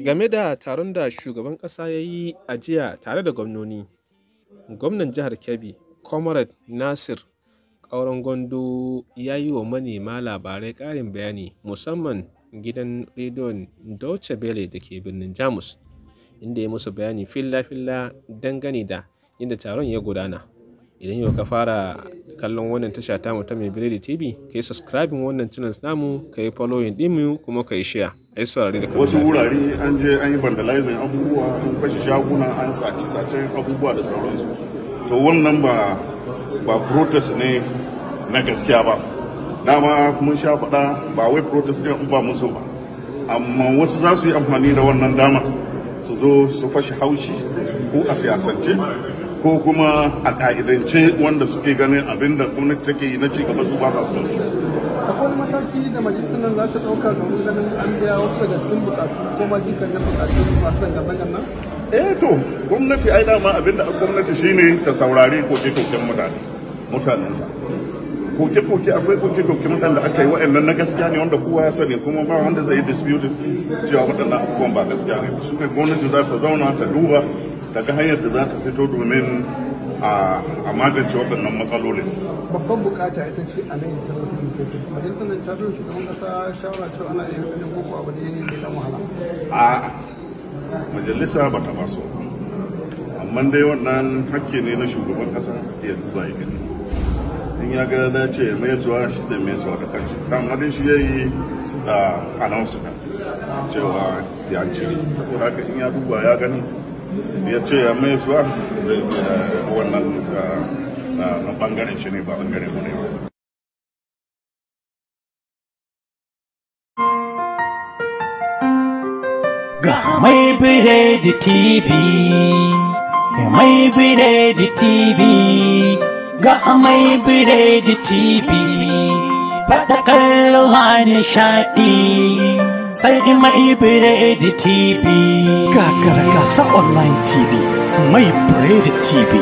Game da taron da shugaban ƙasa ya yi a jiya tare da gwamnoni, Gwamnan Jihar Kebbi Comrade Nasir Ƙauren gondo ya yi wa manema labarai ƙarin bayani musamman gidan rediyon Deutsche belle da ke birnin Jamus, inda ya musu bayani filla-filla dangane da yadda taron ya gudana. Idan yau ka fara kallon wannan tasha ta mu ta mai biredi tv ka yi subscribe wannan channel namu ka yi following din kuma ka yi share yi saurari da wasu wurare an je an yi vandalizing abubuwa an fashe shaguna an sace sace abubuwa da sauransu to wannan ba ba protest ne na gaskiya ba dama mun sha faɗa ba wai protest ne ba mun so ba amma wasu za su yi amfani da wannan dama su zo su fashe haushi ko a siyasance ko kuma a ka'idance wanda suke ganin abin da gwamnati take yi na ci gaba su ba sa son shi. Akwai mataki da majalisar nan za ta ɗauka domin ganin an biya wasu daga cikin bukatu ko majalisar na bukatu masu zanga-zangar nan? Eh to, gwamnati ai dama abin da gwamnati shine ta saurari koke-koken mutane. Mutanen koke-koke akwai koke-koke mutanen da aka yi waɗannan na gaskiya ne wanda kowa ya sani kuma ba wanda zai yi dispute cewa waɗannan abubuwan ba gaskiya ne. Su gwamnati za ta zauna ta duba daga hanyar da za ta fito domin a magance waɗannan matsalolin. Babban bukata ita ce a nan ta rufin ke majalisar nan ta shi shugaban kasa shawara cewa ana yin kudin koko abu ne mai dan wahala. A majalisa ba ta baso. Amma dai wannan hakke ne na shugaban kasa ya duba ya gani. In ya ga da ce mai zuwa shi da mai zuwa da kanshi. Dan hadin shi ya yi a nan cewa ya ce. Saboda haka in ya duba ya gani Yace ya mai zuwa zai wannan ah, na bangaren shi ne ba bangaren mu ne ba ga mai biredi tv mai biredi tv ga mai biredi tv faɗa kallon nishaɗi sai in mai da tv Kakaraka gasa online tv mai biredi tv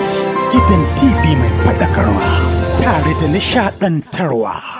gidan tv mai faɗakarwa tare da nishaɗantarwa